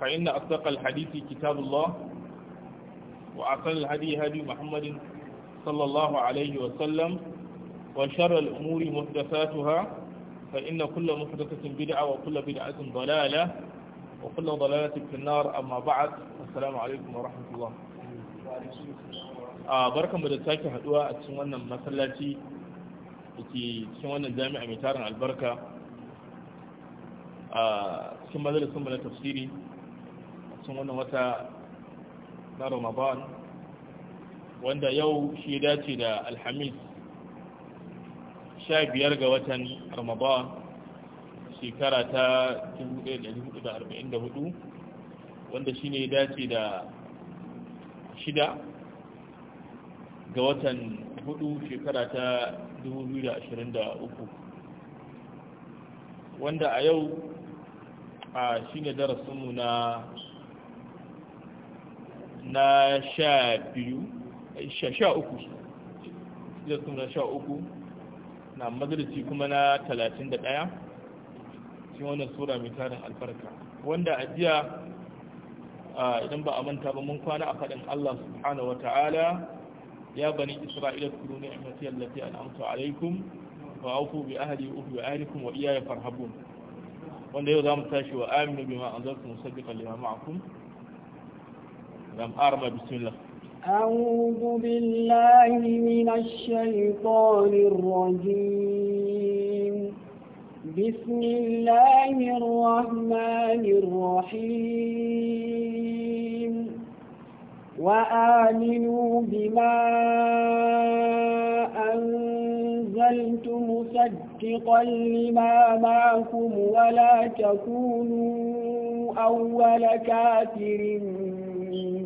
فإن أصدق الحديث كتاب الله وأحسن الهدي هدي محمد صلى الله عليه وسلم وشر الأمور محدثاتها فإن كل محدثة بدعة وكل بدعة ضلالة وكل ضلالة في النار أما بعد السلام عليكم ورحمة الله barkan mu da sake haduwa a cikin wannan masallaci da ke cikin wannan jami'a mai tarin albarka a cikin majalisun mu na tafsiri cikin wannan wata na ramadan wanda yau shi dace da alhamis sha biyar ga watan ramadan shekara ta 1444 wanda shi ne dace da shida ga watan hudu shekara ta 2023 wanda a yau a shi ne darasinmu na na sha biyu sha uku sun na sha uku na madarci kuma na talatin da ɗaya shi wannan sura mai tarin alfarka. wanda a jiya idan ba a manta ba mun kwana a faɗin Allah subhanahu wa ta'ala ya bani isra'ila kuru ne a matiyar lafi amsa alaikum wa auku bi ahali uku bi ahlikum wa iyaye farhabun wanda yau za mu tashi wa aminu bima anzaltum musaddiqan lima ma'akum نعم أرمى بسم الله أعوذ بالله من الشيطان الرجيم بسم الله الرحمن الرحيم وآمنوا بما أنزلت مصدقا لما معكم ولا تكونوا أول كافر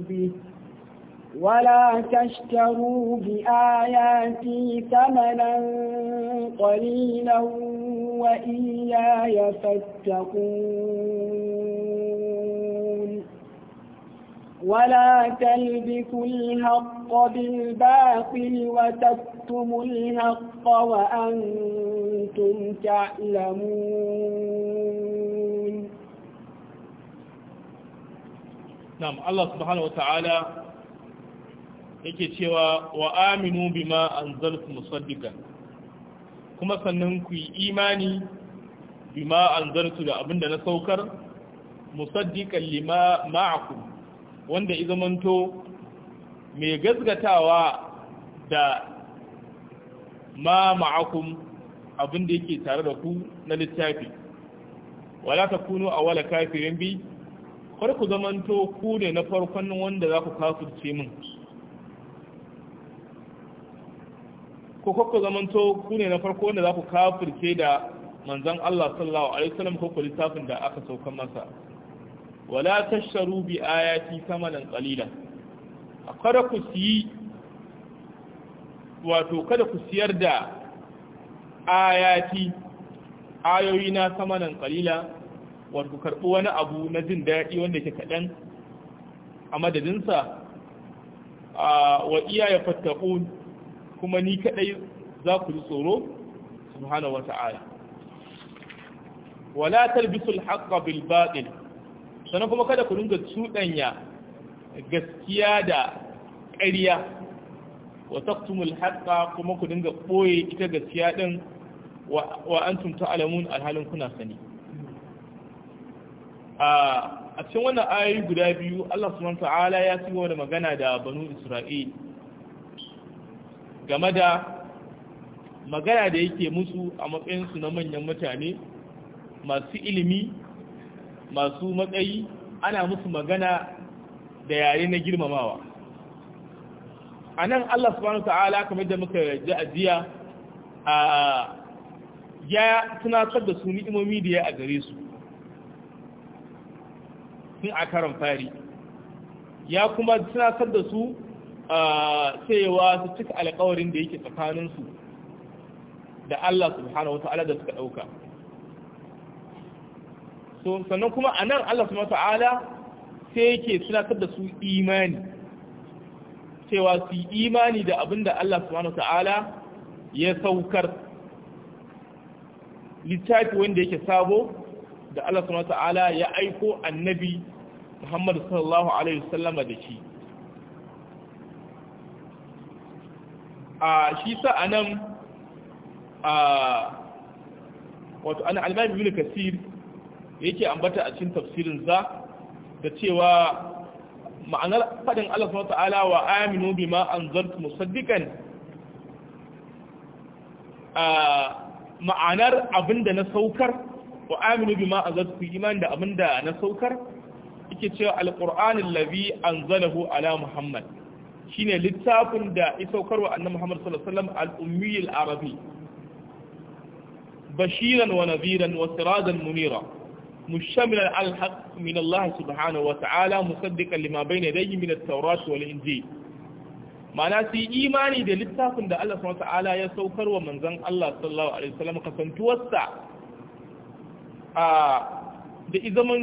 به ولا تشتروا بآياتي ثمنا قليلا وإياي فاتقون ولا تلبسوا الحق بالباطل وتكتموا الحق وأنتم تعلمون nam Allah subhanahu wata'ala yake cewa wa aminu bima anzaltu musaddiqan kuma sannan ku yi imani bima anzaltu da abinda na saukar musaddiqan lima ma'akum wanda izamanto mai gazgatawa da ma ma'akum abinda yake tare da ku na littafi wala takunu awwala kafirin bi kar zamanto ku ne na farkon wanda za ku kafirce min ko ku zamanto ku ne na farko wanda za ku kafirce da manzon Allah sallallahu alaihi wasallam ko littafin da aka sauka masa wala tashtaru bi ayati samanan qalila kada ku siyi wato kada ku siyar da ayati ayoyi na samanin qalila wato karɓi wani abu na jin daɗi wanda ke kaɗan a madadinsa a wa iyaye kuma ni kaɗai za ku ji tsoro subhanahu wata'ala wala talbisul haqqa bil batil sannan kuma kada ku dinga cuɗanya gaskiya da ƙarya wa taqtumul haqqa kuma ku dinga ɓoye ita gaskiya din wa antum ta'lamun alhalin kuna sani a cikin wannan ayoyi guda biyu Allah subhanahu ta'ala ya ci da magana da banu Isra'il game da magana da yake musu a matsayinsu na manyan mutane masu ilimi masu matsayi ana musu magana da yare na girmamawa a nan Allah subhanahu ta'ala kamar da muka ji ajiya a ya tunatar da su ni'imomi da ya a gare su tun a karan fari ya kuma tunatar da su a cewa su cika alkawarin da yake tsakaninsu da Allah subhanahu wata'ala da suka ɗauka so sannan kuma a nan Allah subhanahu wata'ala sai yake tunatar da su imani cewa su yi imani da abin da Allah subhanahu wata'ala ya saukar littafi wanda yake sabo da Allah subhanahu wata'ala ya aiko annabi Muhammadu sallallahu alaihi wasallam da shi a shi sa anan a wato ana al-Imam Ibn Kathir yake ambata a cikin tafsirin za da cewa ma'anar faɗin Allah subhanahu ta'ala wa aminu bima anzaltu musaddiqan a ma'anar abinda na saukar wa aminu bima anzaltu iman da abinda na saukar suke cewa alƙur'anin labi an zalahu ala muhammad shine littafin da ya saukarwa annabi muhammad sallallahu alaihi arabi bashiran wa nadhiran wa sirajan munira mushamilan al-haq min Allah subhanahu wa ta'ala musaddiqan lima bayna yadayhi min at-taurat wal su yi imani da littafin da Allah subhanahu wa ta'ala ya saukarwa manzon Allah sallallahu alaihi wasallam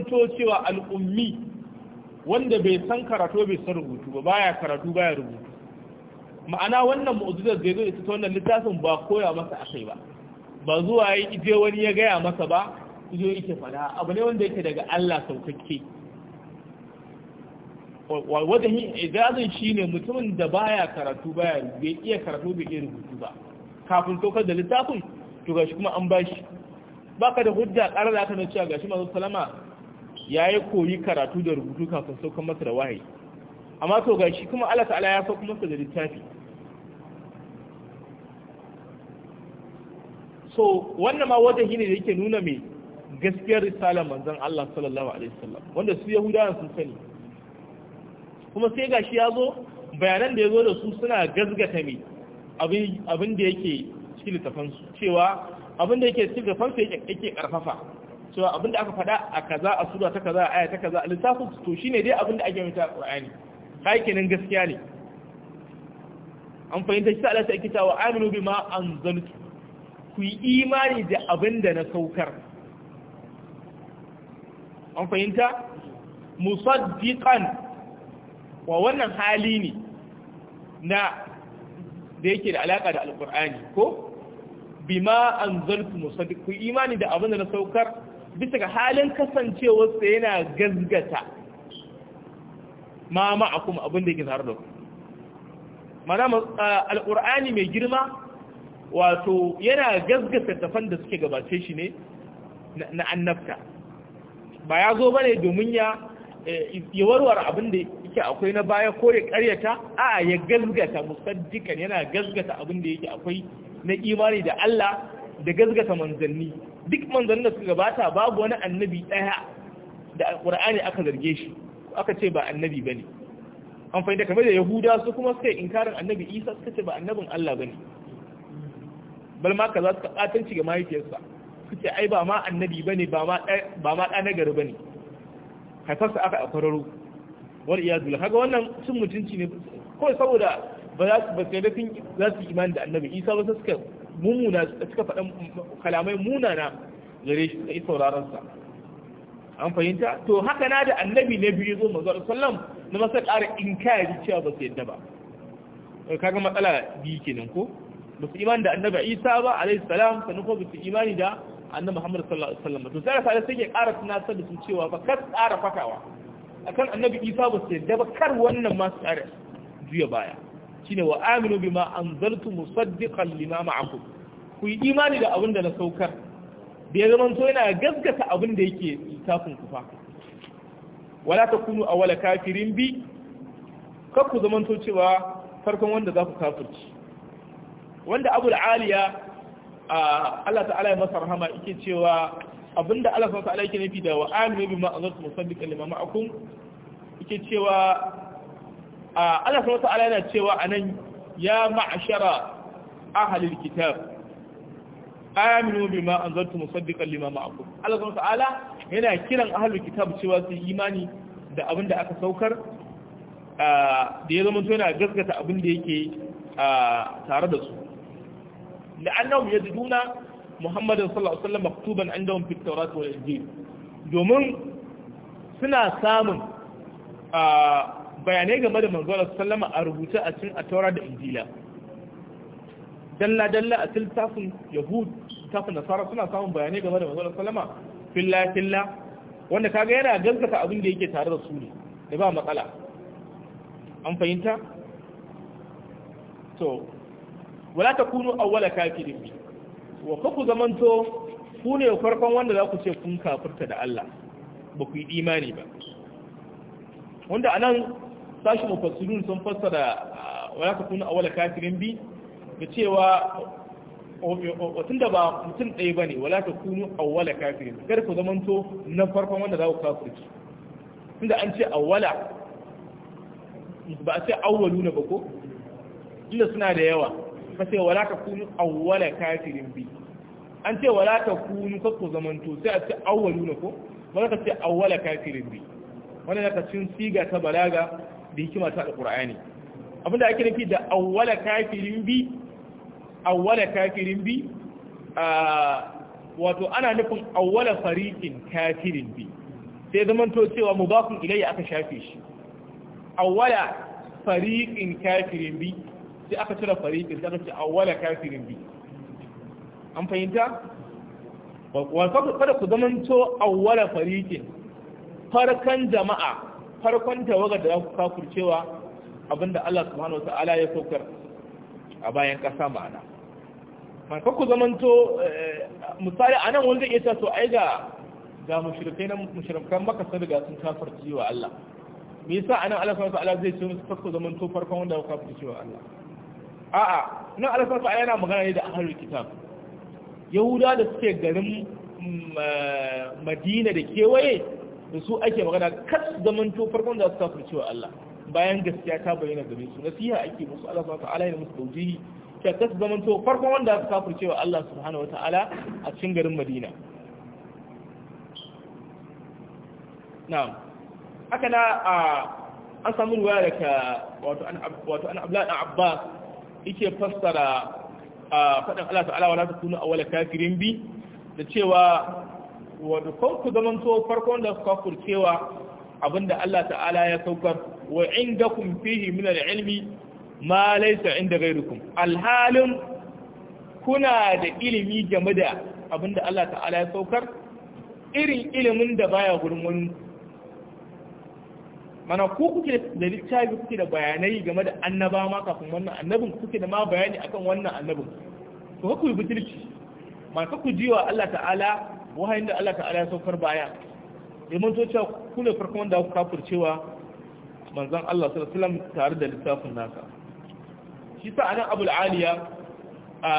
da cewa al'ummi wanda bai san karatu bai san rubutu ba baya karatu baya rubutu ma'ana wannan mu'jizar da zai ta wannan littafin ba koya masa akai ba ba zuwa yi ije wani ya gaya masa ba ijo yake fada abu ne wanda yake daga Allah saukakke wajen shi shine mutumin da baya karatu baya bai iya karatu bai iya rubutu ba kafin tokar da littafin to gashi kuma an bashi baka da hujja ƙara da aka na cewa gashi masu salama ya yi koyi karatu da rubutu kafin saukan masa da wahayi amma to gashi kuma Allah ta'ala ya sauka masa da littafi so wannan ma wata ne da yake nuna mai gaskiyar risalar manzon Allah sallallahu alaihi wasallam wanda su yahudawa sun sani kuma sai gashi ya zo bayanan da ya zo da su suna gazgata mai abin da yake cikin littafansu cewa abin da yake cikin littafansu yake karfafa cewa abinda aka faɗa a kaza a sura ta kaza a aya ta kaza lissafin to shine dai abinda ake mita Qur'ani kai kenan gaskiya ne an fahimta shi Allah sai kita wa aminu bima anzaltu ku yi imani da abinda na saukar an fahimta musaddiqan wa wannan hali ne na da yake da alaka da alqur'ani ko bima anzaltu musaddiq ku imani da abinda na saukar bisa ga halin kasancewarsa yana gazgata mama ma'a kuma abin da yake tare da ku mana al'ur'ani mai girma wato yana gazgata tafan da suke gabace shi ne na annabta ba ya zo ba ne domin e, ya warware abin da yake akwai na baya ko ya karyata a ya gazgata musaddikan yana gazgata abin da yake akwai na imani da Allah da gazgata manzanni duk manzannin da suka gabata babu wani annabi ɗaya da alƙur'ani aka zarge shi aka ce ba annabi ba ne. an fahimta kamar da yahuda su kuma suka yi inkarin annabi isa suka ce ba annabin allah ba ne. balma ka za su kaɓatanci ga mahaifiyarsa su ce ai ba ma annabi ba ne ba ma ɗa nagari ba ne haifarsa aka akwararo wani iya zula kaga wannan sun mutunci ne kawai saboda ba za su ba da sun za su imani da annabi isa ba suka mumuna suka faɗa kalamai munana gare shi da sauraron sa an fahimta to haka na da annabi na biyu zo manzo sallam na masa ƙara inkari cewa ba su yadda ba kaga matsala biyu kenan ko ba su imani da annabi Isa ba alaihi salam sannan ko ba su imani da annabi Muhammad sallallahu alaihi wasallam to sai sai sai ƙara tunatar da su cewa ba kar ƙara fakawa akan annabi Isa ba su yadda ba kar wannan ma su ƙara juya baya shine wa aminu bima anzaltu musaddiqan lima ma'akum ku yi imani da abin da na saukar da ya zama to yana gaskata abin da yake littafin ku fa wala takunu awwala kafirin bi kar ku zama to cewa farkon wanda za ku kafirci wanda abul aliya Allah ta'ala ya masa rahama yake cewa abinda Allah subhanahu wa ta'ala yake nufi da wa aminu bima anzaltu musaddiqan lima ma'akum yake cewa Allah subhanahu wataala yana cewa anan ya ma'ashara ahlil kitab aminu bima anzaltu musaddiqan lima ma'akum Allah subhanahu wataala yana kiran ahlul kitab cewa su imani da abin da aka saukar da ya zama yana gaskata abin da yake tare da su la'annahum yajiduna Muhammadan sallallahu alaihi wasallam maktuban indahum fit tawrat wal domin suna samun bayanai game da Allah sallama a rubuce a cikin atawara da injila dalla dalla a tafin yahud tafin nasara suna samun bayanai game da Allah sallama filla filla wanda kaga yana gaskata abin da yake tare da su ne da ba matsala an fahimta to wala takunu awwala kafirin bi wa ku zamanto ku ne farkon wanda za ku ce kun kafirta da Allah ba ku yi imani ba wanda anan sashi mufassirun sun fassara ah, wa ya kafin wala kafirin bi da cewa tun da ba mutum ɗaya ba ne wala ta kunu wala kafirin kar ku zamanto na farkon wanda za ku kafirci tunda an ce awwala ba a ce awwalu na ba ko inda suna da yawa ka ce wala ta kunu wala kafirin bi an ce wala ta kunu kar ku zamanto sai a ce awwalu na ko ba ka ce awwala kafirin bi wannan ka cin siga ta balaga da hikima ta alqur'ani abinda ake nufi da awwala kafirin bi awwala kafirin bi wato ana nufin awwala fariqin kafirin bi sai zamanto cewa mubafin ilayya aka shafe shi awwala fariqin kafirin bi sai aka cire fariqin sai aka ce awwala kafirin bi an fahimta wa kada ku zamanto awwala fariqin farkan jama'a farkon tawagar da za ku kafurcewa abinda Allah subhanahu wa ta'ala ya saukar a bayan ƙasa ma'ana maka ku zamanto eh, misali a nan wanda iya to ai ga ga mushrikai na mushrikan maka sun riga sun kafirci wa Allah me yasa anan Allah subhanahu wa ta'ala zai ce musu farko zamanto farkon wanda ku kafirci wa Allah a'a nan Allah subhanahu wa ta'ala yana magana ne da ahlul kitab yahuda da suke garin mm, eh, madina da kewaye da su ake magana kas manto farkon da su kafir cewa Allah bayan gaskiya ta bayyana gare su nasiha ake musu Allah subhanahu ta'ala ya musu tawjihi ta kas manto farkon wanda su kafir cewa Allah subhanahu ta'ala a cikin garin Madina na'am haka na a an samu ruwa daga wato an wato an abla dan abbas yake fassara a fadan Allah ta'ala wala kunu awwal kafirin bi da cewa wato ko ku zaman to farkon da suka furcewa abinda Allah ta'ala ya saukar wa inda kun fihi min al-ilmi ma laysa inda ghayrikum alhalin kuna da ilimi game da abinda Allah ta'ala ya saukar irin ilimin da baya gurin wani mana ko kuke da littafi kuke da bayanai game da annaba ma kafin wannan annabin kuke da ma bayani akan wannan annabin to ku yi butulci ma ku jiwa Allah ta'ala wahayin da Allah ta'ala ya saukar baya domin to cewa ku ne farkon wanda aka kafircewa manzon Allah sallallahu alaihi wasallam tare da littafin naka shi sa anan Abu aliya a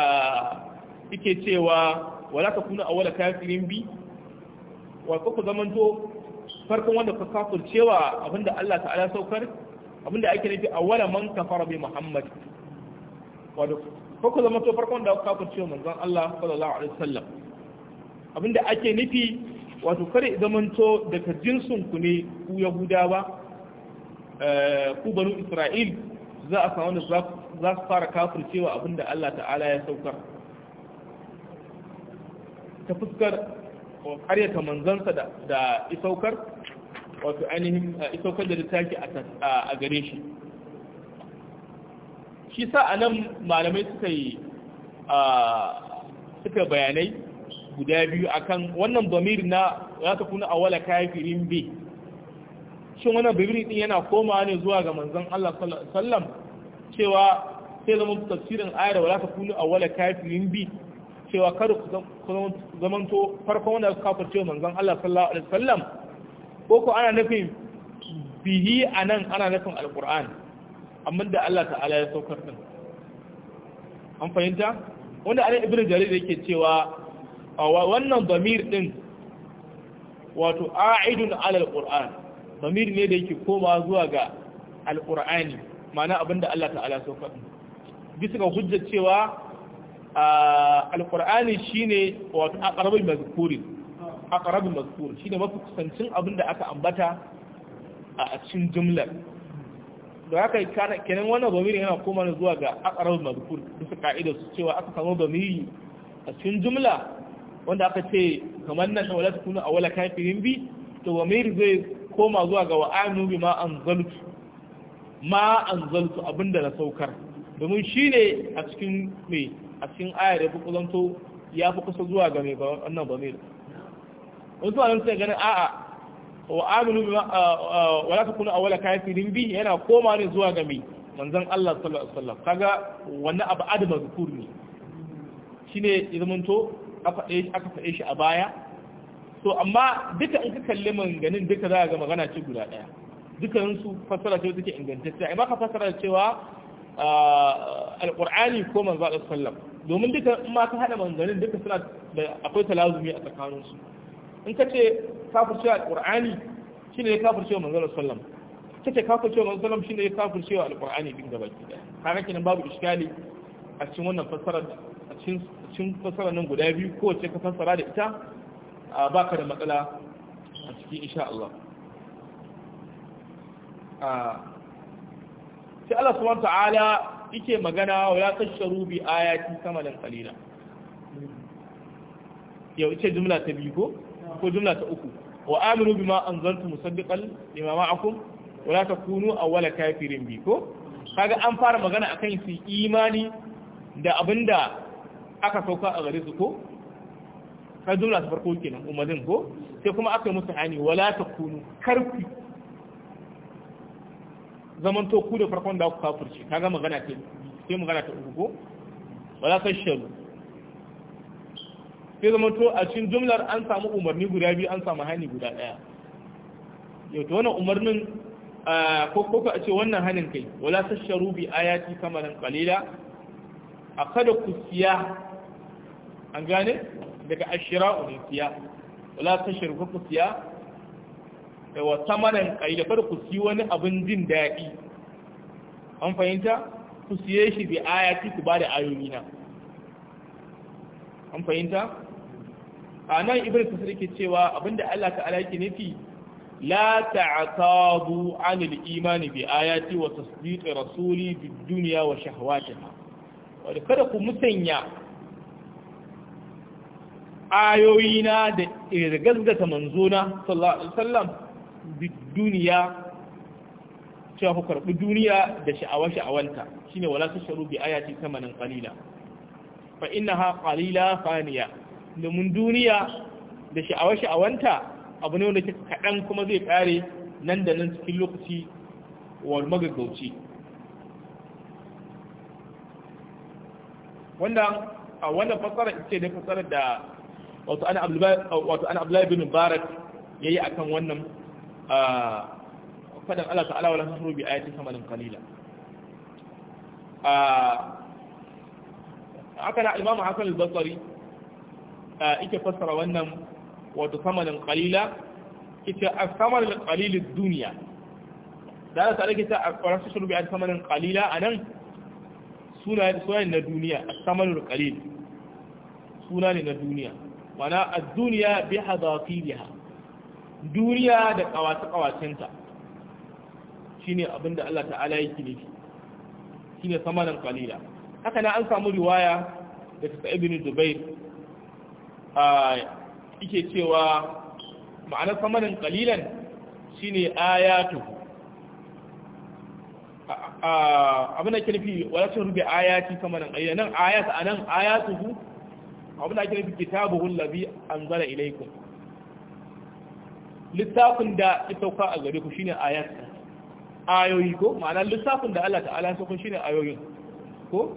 yake cewa wala kunu awwala kafirin bi wa ku to farkon wanda ka cewa abinda Allah ta'ala saukar abinda ake nufi awwala man kafara bi Muhammad wa ko ku zaman to farkon da ka kafircewa manzon Allah sallallahu alaihi wasallam abinda ake nufi wato kare zamanto daga jinsin ku ne ku yahudawa eh, ku banu isra'il za a samu da za su fara kafircewa abinda Allah ta'ala ya saukar ta fuskar ƙaryata oh, manzansa da isaukar wato ainihin isaukar eh, da littafi a gare shi shi sa a nan malamai suka yi ah, suka bayanai guda biyu akan wannan domir na za ta kuna awala kafirin bi shin wannan domir din yana koma ne zuwa ga manzon Allah sallam cewa sai zama tafsirin ayar da za ta kuna awala kafirin bi cewa kada ku to farkon wanda ka kafar cewa manzon Allah sallallahu alaihi wasallam ko ko ana nufin bihi anan ana nufin alquran amma da Allah ta'ala ya saukar din an fahimta wanda ana ibnu jarir yake cewa wannan damir din wato a'idun alal qur'an damir ne da yake koma zuwa ga alqur'ani ma'ana abinda Allah ta'ala so faɗi bisa ga hujjar cewa alqur'ani shine wato aqrabul mazkuri aqrabul mazkur shine mafi kusancin abinda aka ambata a cikin jumla. da haka kenan wannan domiri yana koma zuwa ga akarar mazkur bisa ka'idar su cewa aka samu bamiri a cikin jumla wanda aka ce kamar nan wala takunu awala kafirin bi to wamir zai koma zuwa ga wa'anu bi ma anzaltu ma anzaltu abinda na saukar domin shine a cikin me a cikin ayar ya fi kusanto ya fi kusa zuwa ga mai wannan wani wasu malamai sai ganin a'a wa aminu bi wala takunu awala kafirin bi yana koma ne zuwa ga mai manzon Allah sallallahu alaihi wasallam kaga wannan abu adama zukur ne shine ya zamanto aka faɗe shi a baya to amma duka in ka kalli maganganun duka za ga magana ce guda ɗaya dukansu fassara ce take ingantacce ai baka fassara cewa alqur'ani ko manzo Allah sallam domin duka in ma ka hada maganganun duka suna da akwai talazumi a tsakanin su in ka ce kafircewa alqur'ani shine kafircewa manzo Allah sallam ka ce kafircewa manzo sallam shine kafircewa alqur'ani din gaba ki daya kaga kenan babu iskali a cikin wannan fassarar a cikin fasara nan guda biyu kowace ka fassara da ita a baka da matsala a cikin insha Allah sai Allah wanta ala ike magana wa ya tasharu bi ayati da qalila yau ce jumla ta biyu ko ko jumla ta uku wa aminu an anzaltu musaddiqan limama ma'akum wa la takunu awwala kafirin bi ko kaga an fara magana akan su imani da abinda aka sauka a gare su ko ka jumla ta farko kenan umarnin ko sai kuma aka yi musu hani wala ta kunu karfi zaman to ku da farkon da ku kafirce kaga magana ta sai magana ta uku ko wala ta shalu sai zaman to a cikin jumlar an samu umarni guda biyu an samu hani guda daya yau to wannan umarnin ko ko ka ce wannan hanin kai wala ta sharubi ayati kamalan qalila a kada ku siya an gane daga ashira ne siya wala ta shirku ku siya da wata manan kaila kada ku siya wani abin jin daɗi an fahimta ku siye shi bi ayati ku ba da ayoyi na an fahimta a nan ibn kasir ke cewa abinda Allah ta'ala yake nufi la ta'tabu 'an al-imani bi ayati wa tasdiq rasuli bid-dunya wa shahawatiha wa kada ku musanya ayoyina da irgazgata manzona sallallahu alaihi wasallam duniya cewa ku karɓi duniya da sha'awa-sha'awanta shine wala tasharu bi ayati thamanan qalila fa innaha qalila faniya domin duniya da sha'awa-sha'awanta abu ne wanda kaɗan kuma zai kare nan da nan cikin lokaci wa magagauci. wanda a wannan fasara ce da fasara da wato ana abdullahi bin yi a kan wannan fadan Allah ta'ala wala tasru bi ayatin samanin qalila haka na imamu Hassan al-basri ike fassara wannan wato samanin qalila ita a samar al duniya. ad-dunya da Allah ta'ala kita wala tasru bi ayatin samanin a nan suna ne na duniya A samanin al suna ne na duniya mana ad-dunya bi hadafiliha duniya da kawace kawacenta shine abinda Allah ta'ala yake nufi shine samanan qalila haka na an samu riwaya da ta ibn Dubair a yake cewa ma'anar samanin qalilan shine ayatu abin da ke nufi wala sun rubi ayati samanin qalilan nan ayat anan ayatuhu abin da ake nufi kitabuhu allazi anzala ilaykum littafin da ya sauka a gare ku shine ayat ayoyi ko ma'ana littafin da Allah ta'ala ya sauka shine ayoyin ko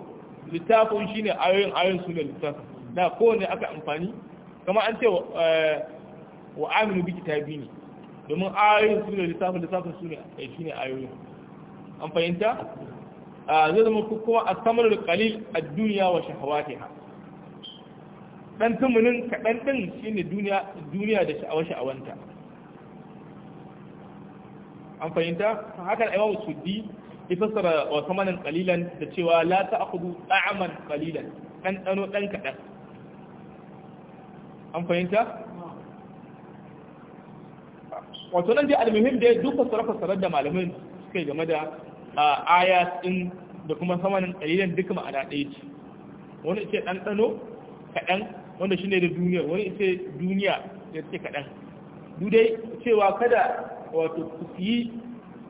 littafin shine ayoyin ayoyin sune littafin na kowane aka amfani kama an ce eh, wa aminu bi kitabi ne domin ayoyin sune littafin littafin sune eh, shine ayoyin an fahimta ah, zai zama kuma a samar da kalil a duniya wa shahawatiha dan tumunin kaɗan ɗin shine duniya da sha'awar-sha'awanta an fahimta haka da imamu suddi ya fassara wa samanin kalilan da cewa la ta akudu ɗa'aman kalilan ɗano ɗan kaɗan an fahimta wato nan dai almuhim dai duk fassara-fassarar da malamin suka yi game da aya ɗin da kuma samanin kalilan duka ma'ana ɗaya ce wani ce ɗano kaɗan wanda shi ne da duniya wani ita duniya ya ce kaɗan dudai cewa kada wato ku yi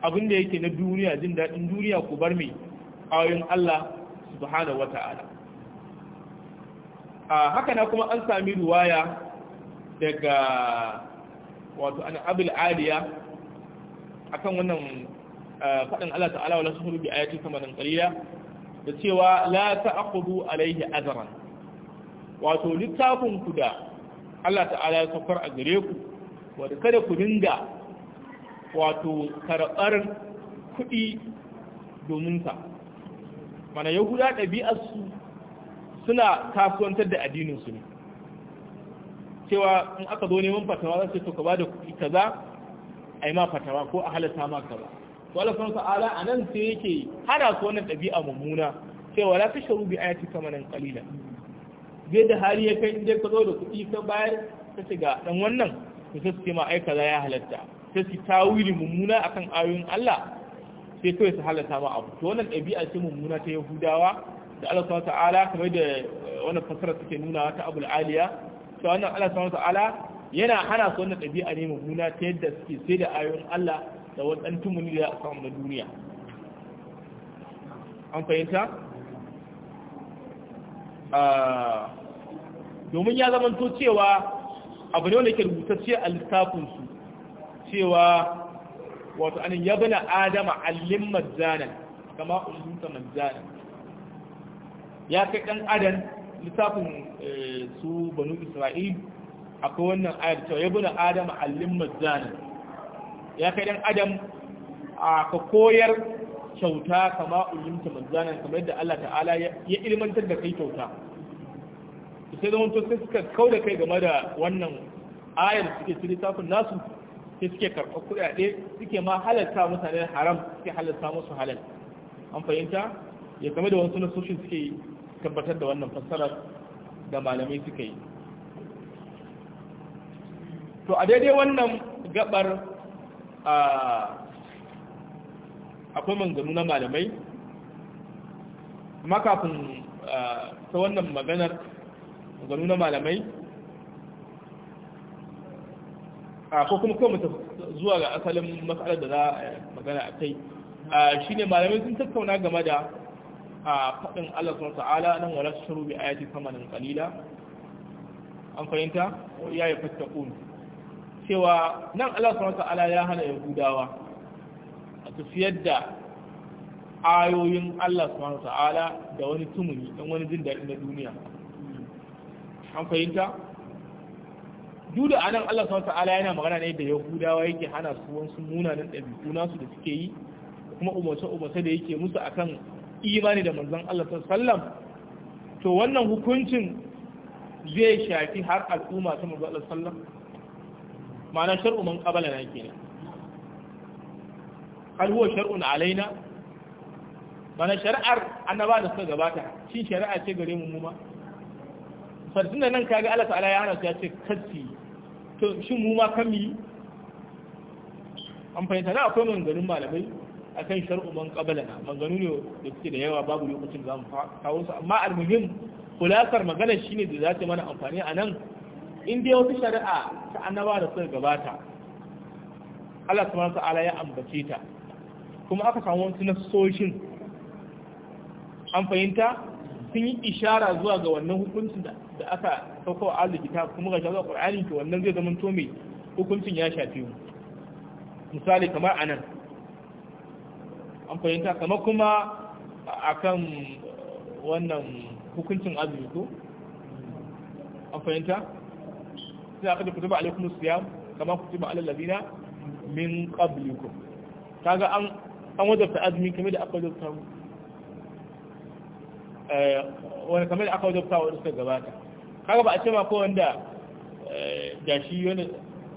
abin da yake na duniya jin daɗin duniya ku bar mai ayoyin Allah subhanahu wa ta'ala a haka na kuma an sami ruwaya daga wato an abil aliya akan wannan faɗin Allah ta'ala wa lasu hulubi ayatul kamarin qalila da cewa la ta'khudhu alaihi azran wato littafin da Allah ta'ala ya saukar a gare ku wadda kada ku dinga wato karɓar kuɗi domin sa mana yahuda ɗabi'arsu suna kasuwantar da addininsu ne cewa in aka zo neman fatawa za su to ka ba da kuɗi kaza a yi ma fatawa ko a halatta ma kaza to Allah subhanahu a anan sai yake hana su wannan ɗabi'a mummuna cewa la tashru bi ayati kamanan qalila da hali ya kai inda ka zo da kuɗi ka bayar ta shiga dan wannan to sai su ma aika za ya halatta ta su wuri mummuna akan ayoyin Allah sai kawai su halatta ma abu to wannan ɗabi'a ce mummuna ta Yahudawa da Allah sa ta'ala kamar da eh, wannan fasara suke nuna ta Abul Aliya to wannan Allah sa ta'ala yana hana su wannan ɗabi'a ne mummuna ta yadda suke sai da ayoyin Allah da wadannan tumuni da ya samu na duniya an fahimta domin ya zamanto cewa abu ne wanda ke rubutacce a littafinsu, cewa wato anin ya bana adama allin mazzana kama umbuta mazzana ya kai ɗan adan littafin eh, su banu isra'il akwai wannan ayar cewa ya bana adama allin mazzana ya kai ɗan adam a ka koyar kyauta kama ulimta manzana kamar yadda Allah ta'ala ya ilmantar da kai kyauta sai zama to sai suka kau da kai game da wannan ayar suke cire tafin nasu sai suke karɓa kuɗaɗe suke ma halarta mutane haram suke halarta musu halal an fahimta ya game da wasu nasoshin suke tabbatar da wannan fassarar da malamai suka yi to a daidai wannan gabar a ah, akwai manganu na malamai makafin ta wannan maganar manganu na malamai ko kuma kuma zuwa ga asalin matsalar da za a magana a kai shi ne malamai sun tattauna game da faɗin Allah sun ta'ala nan wa rasu shuru bi ayati samanin kalila an fahimta ya yi fattakun cewa nan Allah sun ta'ala ya hana yahudawa a tafiyar da ayoyin Allah subhanahu ta'ala da wani tumuni don wani jin daɗi na duniya an fahimta duk da anan Allah subhanahu ta'ala yana magana ne da yahudawa yake hana su wasu munanan ɗabi'u nasu da suke yi kuma umarce umarce da yake musu akan imani da manzon Allah sallallahu to wannan hukuncin zai shafi har al'umma ta manzon Allah sallallahu ma'ana shar'u man qabala na kenan hal huwa shar'un alaina mana shari'ar annaba da suka gabata shi shari'a ce gare mu muma farsin da nan kaga Allah ta'ala ya hana su ya ce katti to shin mu ma kan yi an fahimta na akwai manganun malamai akan shar'u man na? manganu ne da suke da yawa babu lokacin da mu kawo su amma almuhim kulasar magana shine da za ta mana amfani a nan in dai wata shari'a ta annaba da suka gabata Allah subhanahu wa ta'ala ya ambace ta kuma aka samu wasu nassoshin an fahimta sun yi ishara zuwa ga wannan hukuncin da aka sauka wa alu ta kuma ga shafi ƙwar'ani ke wannan zai zama to mai hukuncin ya shafi mu misali kamar anan an fahimta kamar kuma a kan wannan hukuncin azumi ko an fahimta sai aka da kutuba alaikunus siyam kamar kutuba alal ladina min qablikum kaga an an wajabta azumi kamar da aka wajabta mu eh, wani kamar da aka wajabta wa suka gabata kaga ba a ce ma ko wanda eh, da shi wani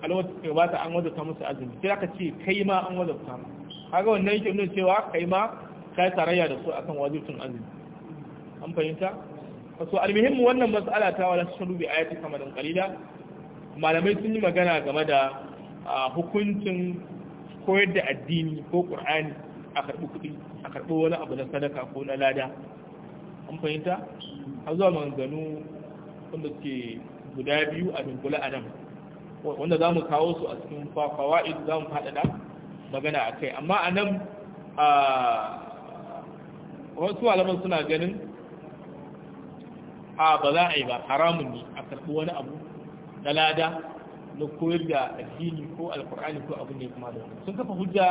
alwata suka gabata an wajabta musu azumi sai aka ce kai ma an wajabta mu kaga wannan yake nuna cewa kai ma ka yi tarayya da su akan wajibcin azumi an fahimta kaso almuhimmu wannan matsala ta wala shuru rubi ayati dan qalila malamai sun yi magana game da ah, hukuncin koyar da addini ko ƙur'ani a karɓi kuɗi a karɓi wani abu na sadaka ko na lada an fahimta har zuwa maganganu wanda ke guda biyu a dunkula a nan wanda za mu kawo su a cikin fawa'id za mu faɗaɗa magana a kai amma a nan wasu alamar suna ganin a ba za a yi ba haramun ne a karɓi wani abu na lada na koyar da addini ko alkur'ani ko abin da ya kuma da sun kafa hujja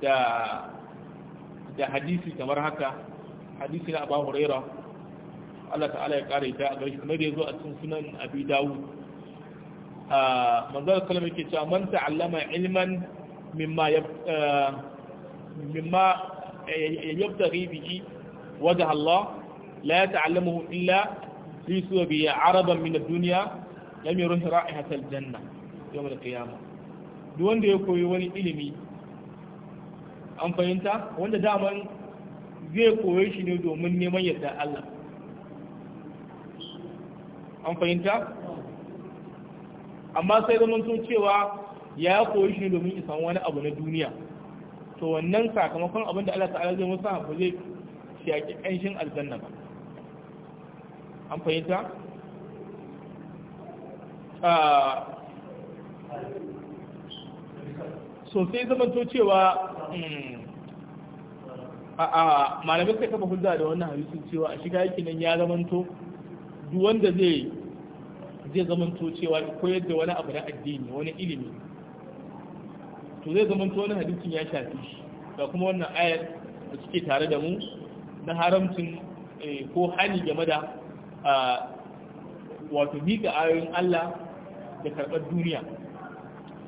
da da hadisi kamar haka hadisi na abu huraira Allah ta'ala ya kare ta a gaishe kamar da a cikin sunan abi dawud a manzara kalmar ke cewa man ta'allama ilman mimma mimma yabtaghi bihi wajha Allah la yata'allamuhu illa fi suwabi araban min ad-dunya lam yurih ra'ihatal janna yawm al-qiyamah duk wanda ya koyi wani ilimi an fahimta wanda daman zai koye shi ne domin neman yadda Allah an fahimta amma sai zama sun cewa ya koye shi ne domin isan wani abu na duniya to wannan sakamakon abin da Allah ta'ala zai musa ba zai shaki ƙanshin aljanna ba an fahimta ah. Sosai zamanto cewa hmm, a malamai sai kafa hulɗa da wannan hadisin cewa a shiga yake nan ya zamanto duk wanda zai zai zamanto cewa koyar da wani abu na addini wani ilimi to zai zamanto wani hadisin ya shafi shi ga kuma wannan ayar da suke tare da mu na haramcin eh, ko hani game da wato miƙa ayoyin Allah da karɓar duniya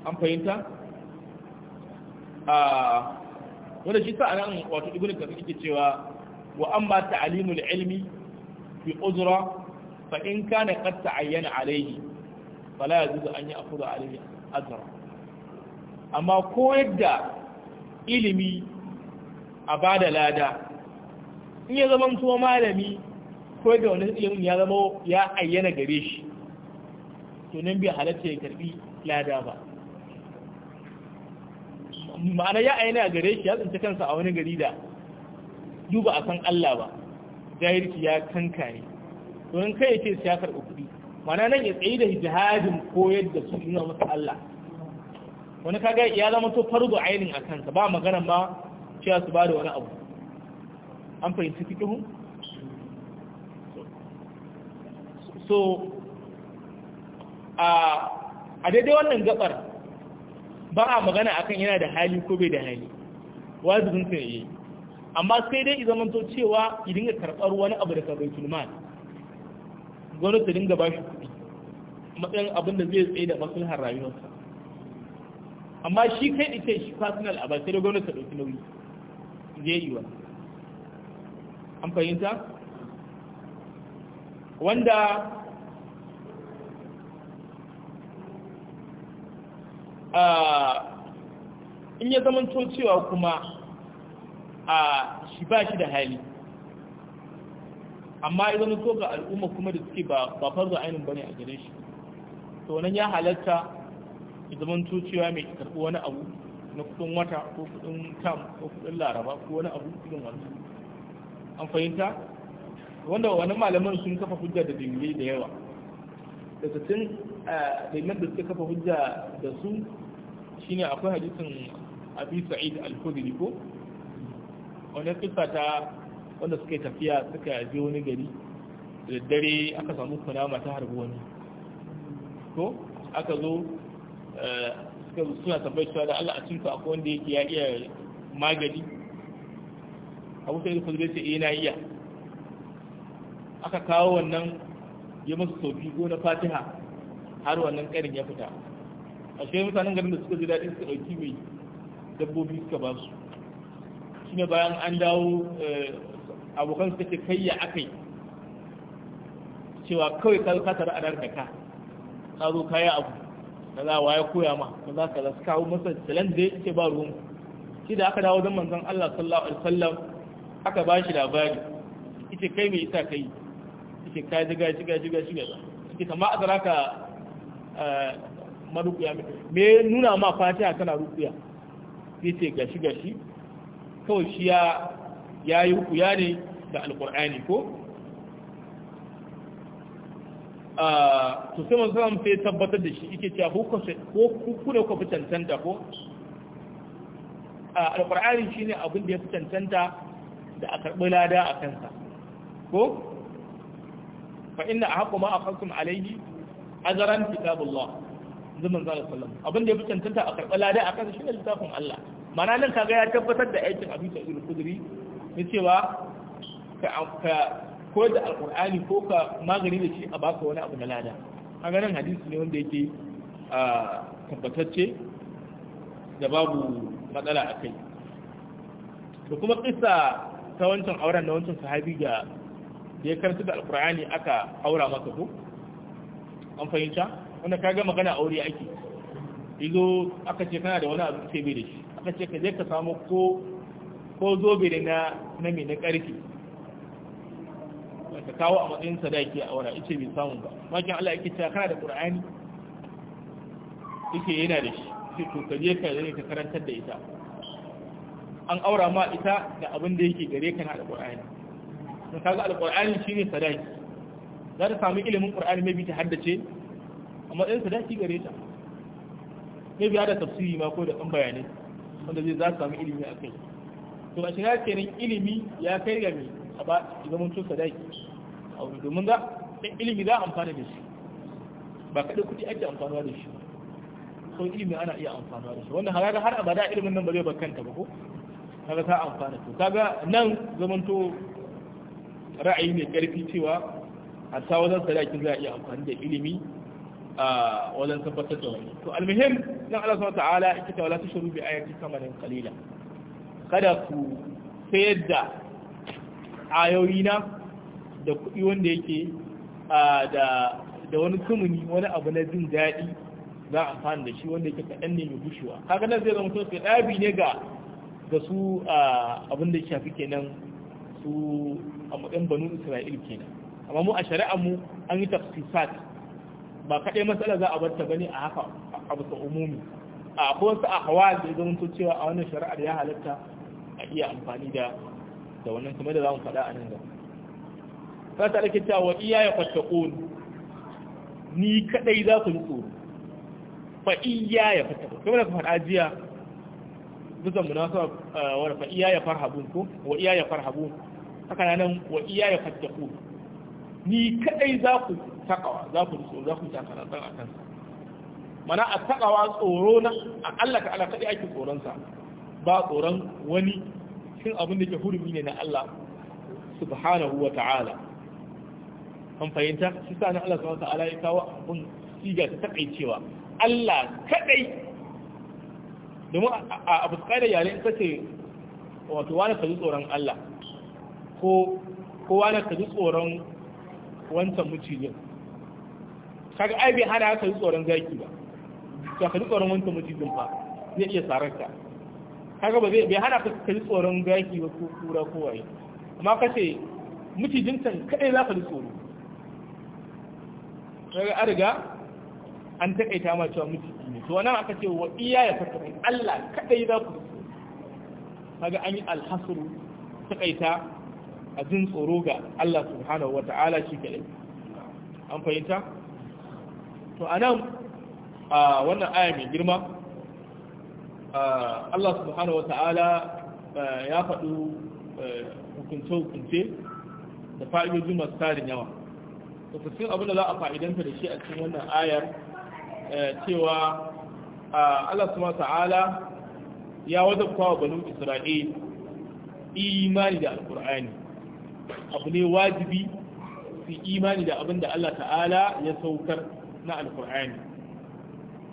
an fahimta wanda shi sa anan wato ne kasir yake cewa wa an amma ta'limul ilmi fi uzra fa in kana qad ta'ayyana alayhi fala yajuzu an ya'khudha alayhi ajra amma ko yadda ilimi a bada lada in ya zama tuwa malami ko yadda wani ilimin ya zama ya ayyana gare shi to nan bai halatta ya karbi lada ba ma'ana ya aina gare shi ya tsinci kansa a wani gari da duba a san Allah ba jahilci ya kanka ne domin kai ya ce siyasar ukuri mana nan ya tsaye da jihadin koyar da su nuna masa Allah wani kaga ya zama to farzu ainin a kansa ba magana ba cewa su ba da wani abu an fahimci fikihu so a daidai wannan gabar ba a magana akan yana da hali ko bai da hali wajibin sa yi amma sai dai idan to cewa idan ya karbar wani abu da karɓar mal gwamnati ta dinga bashi kuɗi matsayin abin da zai tsaye da maslahar rayuwarsa amma shi kai ita shi personal a sai da gwamnati ta dauki nauyi zai yi wa an fahimta wanda in ya zamanto cewa kuma a shi ba shi da hali amma idan so ga al'umma kuma da suke ba farza ainihin bane a gare shi to nan ya halatta ya zaman cewa mai karɓi wani abu na kudin wata ko kudin tam ko kudin laraba ko wani abu kudin wannan an fahimta wanda wani malaman sun kafa hujja da dalilai da yawa daga tun eh, daimar da suka kafa hujja da su shine akwai hadisin abi sa'id al-khudri ko wani kisa ta wanda suka yi tafiya suka je wani gari da dare aka samu kunama ta harbi wani ko aka zo eh, suka suna tabbatar da Allah a cikin akwai wanda yake ya iya magani abu sai ku zai ce eh na iya aka kawo wannan ya musu sofi ko na Fatiha har wannan karin ya fita a shi mutanen garin da suka ji daɗin su ɗauki mai dabbobi suka ba su shi ne bayan an dawo eh, abokan suka ce kai ya aka yi cewa kawai ka ka tara ɗarka ka ka zo kaya abu da za wa ya koya ma ka za ka za kawo masa talan da ya ce ba ruwan shi da aka dawo don manzan Allah sallallahu alaihi wasallam aka ba shi labari ita kai mai isa kai ita kai jiga jiga jiga jiga ita kama a tsara ka eh, Mai me nuna ma fatiha tana rukuya. sai ce gashi gashi kawai shi ya yayi yi ne da alƙur'ani ko a to sai mun san sai tabbatar da shi yake cewa ko ko ku da ku cancanta ko alƙur'ani shine abin da ya fi tantanta da a karɓi lada a kansa ko fa inna ahqqu ma aqamtum alayhi ajran kitabullah zaman manzo sallam abin da ya fi cancanta a karɓa lada a shi ne littafin Allah mana nan kaga ya tabbatar da aikin abin da iri kudri na cewa ka ka ko da alƙur'ani ko ka magani da shi a baka wani abu na lada kaga nan hadisi ne wanda yake a tabbatacce da babu matsala a kai da kuma ƙisa ta wancan auren da wancan sahabi ga da ya karanta da alƙur'ani aka aura maka ko an fahimta wanda ka ga magana aure ake izo aka ce kana da wani abu sai bai da shi aka ce ka je ka samu ko ko zobe da na na mai na karfi ka kawo a matsayin sadaki a wani ice bai samu ba makin Allah yake cewa kana da Qur'ani yake yana da shi sai to ka je ka je ka karantar da ita an aura ma ita da abin da yake gare ka na da Qur'ani ga kaga shi shine sadaki za ta samu ilimin qur'ani mai bi ta haddace a su sadaki gare ta ne biya da tafsiri ma ko da ɗan bayanai wanda zai za su samu ilimi a kai to a shiga kenan ilimi ya kai ga mai a ba zaman to sadaki a wani domin za ɗan ilimi za a amfana da shi ba kaɗai kuɗi ake amfanuwa da shi ko ilimi ana iya amfanuwa da shi wanda haraga har abada ilimin nan ba zai bakanta ba ko kaga ta amfana to kaga nan zaman to ra'ayi ne ƙarfi cewa hatta wajen sadakin za a iya amfani da ilimi wajen tabbatar da wani to almuhim nan Allah subhanahu ta'ala yake ta wala tushru bi ayati kamarin qalila kada ku sayar da ayoyina da kuɗi wanda yake da da wani sumuni wani abu na jin daɗi za a fara da shi wanda yake kaɗan ne mai gushewa haka nan zai zama sosai ɗabi ne ga ga su abin da shafi kenan su a matsayin banu isra'il kenan amma mu a shari'a mu an yi tafsisat ba kaɗai matsala za a bar ta bane a haka a ta umumi a ko wasu a hawa da zama to cewa a wannan shari'ar ya halatta a iya amfani da da wannan kuma da za mu faɗa a nan gaba za ta ake ta wa iya ya fattaƙo ni kaɗai za ku yi tsoro fa iya ya fattaƙo kuma da ka faɗa jiya bisa munasa wa fa iya ya farhabun ko wa iya ya farhabun haka nan wa iya ya fattaƙo ni kaɗai za ku taqwa za ku tsoro za ku takara dan akan mana a taqwa tsoro na Allah ta Allah kadai ake tsoron sa ba tsoron wani shin abin da ke hurumi ne na Allah subhanahu wa ta'ala an fahimta shi sa na Allah subhanahu wa ta'ala ya kawo abin siga ta takaicewa Allah kadai domin a fuskar da yare ita ce wato wani ka ji tsoron Allah ko kowa na ka ji tsoron wancan mucijin kaga ai bai hana ka yi tsoron zaki ba to ka ji tsoron wancan mutum fa zai iya sarar ka kaga ba zai bai hana ka ka ji tsoron zaki ba ko kura ko waye amma ka ce mutum kan kadai za ka ji tsoro kaga an riga an takaita ma cewa mutum ne to wannan aka ce wa iya ya fata Allah kadai za ku kaga an yi alhasru takaita a jin tsoro ga Allah subhanahu wata'ala shi kadai an fahimta to anan a wannan aya mai girma Allah subhanahu Ta'ala ya faɗi hukunce-hukunce da fa'idoji masu tarin yawa tafasirin abin da za a fa'idanta da shi a cikin wannan ayar cewa Allah su mata'ala ya wadabta wa banin Isra'il imani da Al'ur'ani abu ne wajibi su imani da abin da Allah ta'ala ya saukar na alkur'ani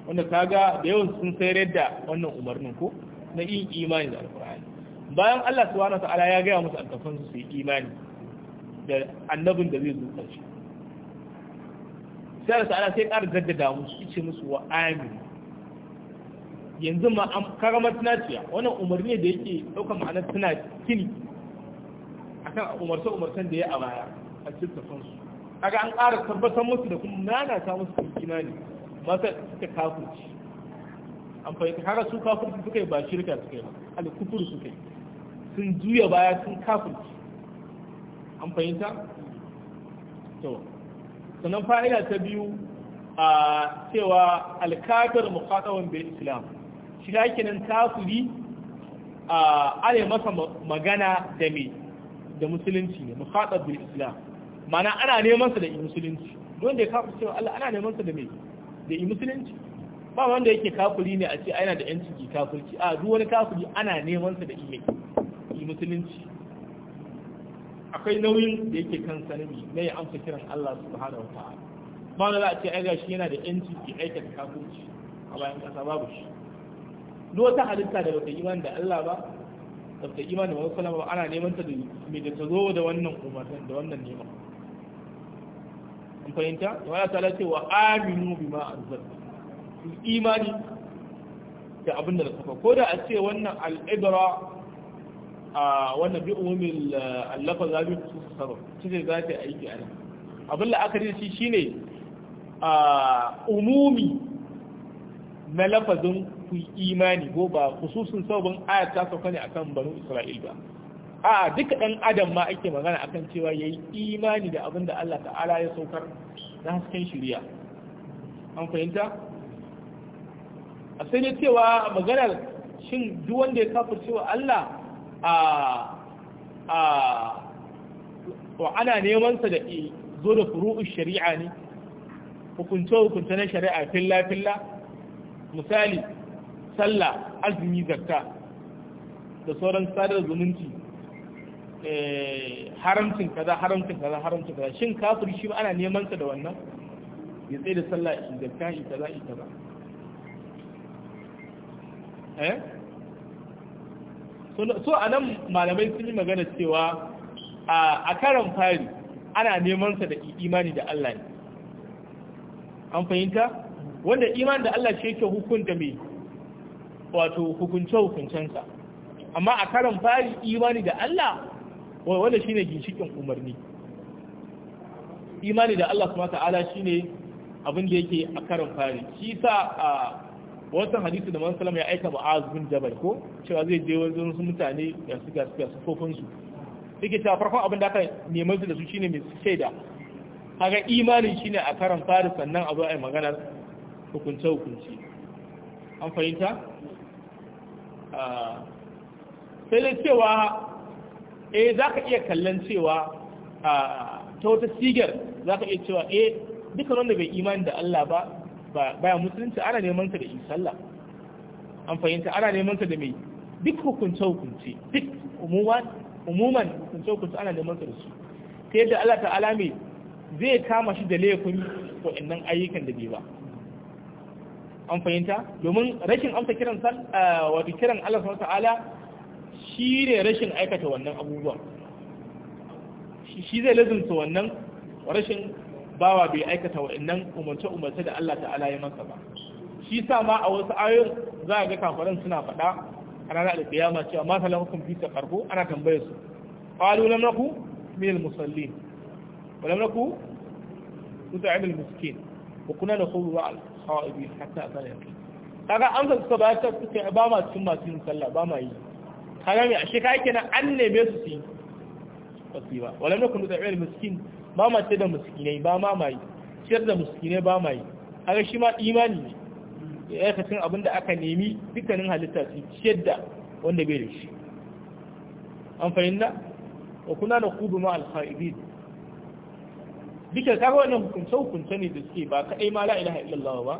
wanda kaga da yawan sun sayar da wannan umarnin ko na yin imani da alkur'ani bayan Allah subhanahu ta'ala ya gaya musu alkafan su yi imani da annabin da zai zo karshe sai Allah ta'ala sai ƙara jaddada musu ce musu wa amin yanzu ma an karamar tunaciya wannan umarni da yake ɗaukar ma'anar tunacini akan umarsa umarsan da ya a baya a cikin su kaga an ƙara tabbatar musu da kuma nana ta musu imani masa suka kafirci an fahimta kaga su kafirci suka yi ba shirka suka yi ba alkufur suka yi sun juya baya sun kafirci an fahimta to sannan fa'ida ta biyu a cewa alkafir muqatawan bil islam shi kenan kafiri a ale masa magana da me da musulunci ne muqatab bil islam mana ana neman sa da musulunci Don da ya kafa cewa Allah ana neman sa da mai da musulunci ba wanda yake kafuri ne a ce yana da yanci ki kafirci a duk wani kafiri ana neman sa da imai musulunci akwai nauyin da yake kan sanami na ya amsa kiran Allah subhanahu wa ta'ala ba wanda za a ce ai gashi yana da yanci ki aikata kafirci a bayan kasa babu shi duk wata halitta da bata imani da Allah ba bata imani da wani kula ba ana neman ta da me da ta zo da wannan umarnin da wannan neman an fahimta da wani ta ce wa aminu bi ma anzal imani da abin da na saka ko da a ce wannan al'ibra a wannan bi umumin allafa zabi su su sabab shi ne za ta aiki a nan abin da aka shi shine a umumi na lafazin ku imani ko ba khususun sabon ayat ta sauka ne akan banu isra'il ba a duka ɗan adam ma ake magana akan cewa ya yi imani da abin da Allah ta'ala ya saukar na hasken shirya an fahimta a sai ne cewa maganar shin duk wanda ya kafa cewa Allah a a wa ana neman sa da zo da furu'u shari'a ne hukunta hukunta na shari'a filla filla misali sallah azumi zakka da sauran sadar zumunci Eh, haramcin kaza haramcin kaza haramcin kaza shin kafiri shi ana neman sa da wannan ya tsaye da sallah da kashi kaza ita ba eh so a nan malamai sun yi magana cewa a karan fari ana neman sa da imani da Allah ne an fahimta wanda imani da Allah shi yake hukunta mai wato hukunce hukuncensa amma a karan fari imani da Allah wanda shine ginshikin umarni imani da Allah kuma ta'ala shine abin da yake a karin fari shi sa a wata hadisi da manzon ya aika Mu'az bin Jabal ko cewa zai je wajen su mutane da suka suka sufofin su yake cewa farkon abin da aka neman su da su shine mai shaida kaga imani shine a karin fari sannan a zo a yi maganar hukunce hukunci an fahimta sai da cewa a eh, za ka iya kallon cewa ta wata sigar za ka iya cewa a eh, duka wanda bai imani da Allah ba baya musulunci ana neman ka da insalla an fahimta ana neman ka da mai duk hukunce hukunce duk umuman hukunce hukunce ana neman ka da su ta yadda Allah ta'ala mai zai kama shi da laifin nan ayyukan da bai ba an fahimta domin rashin amsa kiran wato kiran Allah ta'ala shi ne rashin aikata wannan abubuwan shi zai lazumta wannan rashin bawa bai aikata wa'annan umarce-umarce da Allah ta'ala ya masa ba shi sa ma a wasu ayoyin za a ga kafaran suna faɗa a ranar da cewa ma cewa mata, lamakon fita ƙarfo. ana tambayar su qalu lam naku mil musallin wa lam naku nut'im al miskin wa kunna nakhudhu a al khawabi hatta atana yaqin kaga an zai suka ba ta suka ba ma cikin masu yin sallah ba ma yi kagami a ashe kai kenan an neme su fi ba ba wala na kullu da muskin? ba ma ce da muskinai, ba ma mai ciyar da muskinai ba mai haka shi ma imani ne ya kacin abin da aka nemi dukkanin halitta su ciyar da wanda bai da shi an fahimta wa kuna na kudu ma ne duka kaga wannan hukunce hukunce ne da suke ba kaɗai ma la'ila ha'ilallawa ba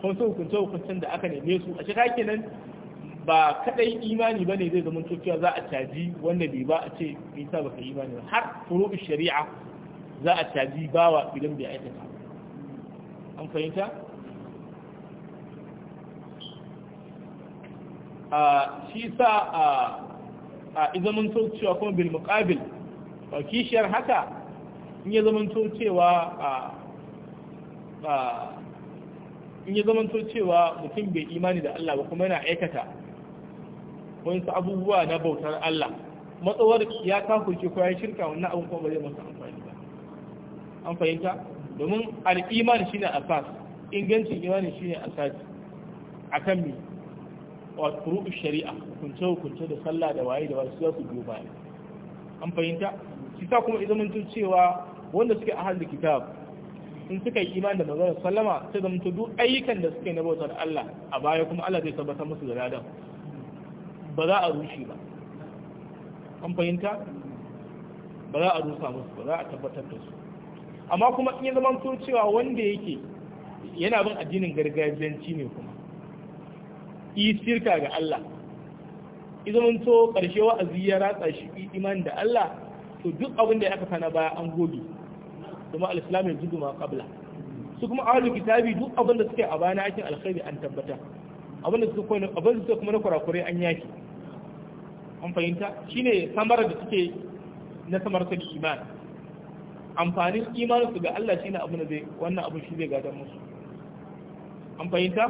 kuma su hukunce hukuncen da aka neme su a shi kenan ba kadai imani bane zai zama cewa za a caji wanda bai ba a ce me yasa baka imani ba har furu'u shari'a za a caji bawa idan bai aikata an fahimta a shi sa a a izamin cewa kuma bil muqabil ba kishiyar haka in ya zama cewa a in ya zama cewa mutum bai imani da Allah ba kuma yana aikata wasu abubuwa na bautar Allah matsawar ya kafurce ko ya shirka wannan abin kuma ba zai masa amfani ba an fahimta domin al'iman shine asas ingancin imanin shine asas akan mi wa furu'u shari'a hukunce hukunce da sallah da waye da wasu za su biyo baya an fahimta shi sa kuma izamin tun cewa wanda suke a halin kitab in suka yi iman da manzon sallama sai da mutu duk ayyukan da suke na bautar Allah a baya kuma Allah zai tabbatar musu da ladan ba za a rushe ba an fahimta ba za a rusa musu ba za a tabbatar da su amma kuma in ya zama sun cewa wanda yake yana bin addinin gargajiyanci ne kuma yi sirka ga Allah mun to ƙarshe wa'azi ya ratsa shi iman da Allah to duk abin da ya aka kana baya an gobe kuma al-islam ya zuguma qabla su kuma ahlul kitabi duk abin da suke a bana akin alkhairi an tabbata abin da suke kuma abin da suke kuma na kurakure an yaki an fahimta shine samar da suke na samar da imani amfanin imani su ga Allah shine abu da zai wannan abu shi zai gadan musu an fahimta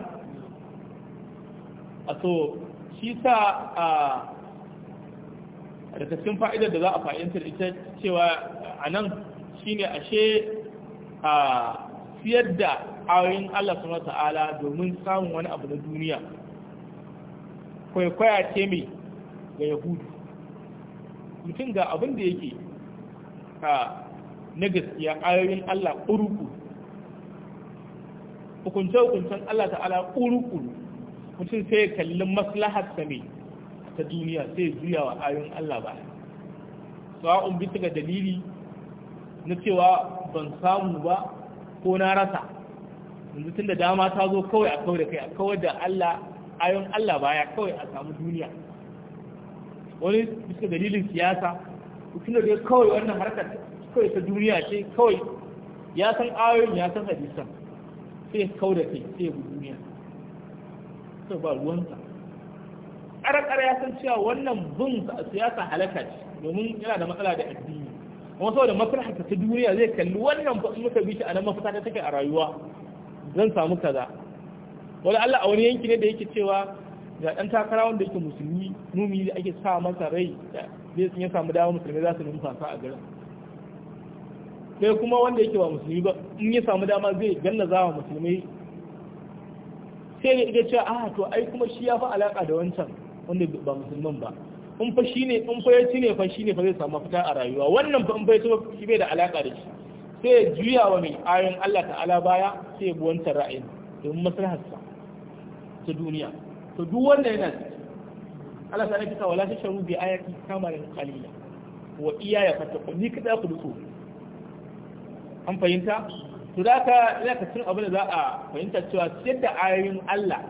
a so shi sa a da cikin fa'idar da za a fa'intar ita cewa a nan shine ashe a siyar da ayoyin Allah subhanahu wa ta'ala domin samun wani abu na duniya kwaikwaya ce mai ga yahudu mutum ga abin da yake ka na gaskiya ayoyin Allah ƙuruku hukunce-hukuncen Allah ta'ala ƙuruku mutum sai kalli maslahar sa ne ta duniya sai zuya wa ayoyin Allah ba sawa'un bisa ga dalili na cewa ban samu ba ko na rasa yanzu tun da dama ta zo kawai a kawai da kai a kawai da Allah ayon Allah baya kawai a samu duniya wani bisa dalilin siyasa mutum da kawai wannan harkar kawai ta duniya ce kawai ya san ayoyin ya san hadisan sai kawai da kai sai bu duniya sai ba ruwansa ƙarar ya san cewa wannan bin siyasa halaka ce domin yana da matsala da addini kuma saboda maslaha ta duniya zai kalli wannan ba in muka bi shi a nan mafita ta take a rayuwa zan samu kaza wani Allah a wani yanki ne da yake cewa ga ɗan takara wanda yake musulmi mumi da ake sa masa rai da zai ya samu dawo musulmi za su numfasa a garin sai kuma wanda yake ba musulmi ba in ya samu dama zai ganna za wa musulmi sai ne ita cewa a ah, to ai kuma shi ya fi alaka da wancan wanda ba musulman ba in fa shi ne in fa ya ci ne fa shi ne fa zai samu fita a rayuwa wannan fa in fa ya ci shi bai da alaka da shi sai ya juya wa mai ayon Allah ta'ala baya sai ya bi wancan ra'ayin domin maslaharsa ta duniya to duk wanda yana Allah ta nake wala ta sharu bi ayati kamarin qalila wa iyaya fatakun ni kada ku duko an fahimta to da ka ina ka cin abin da za a fahimta cewa yadda ayoyin Allah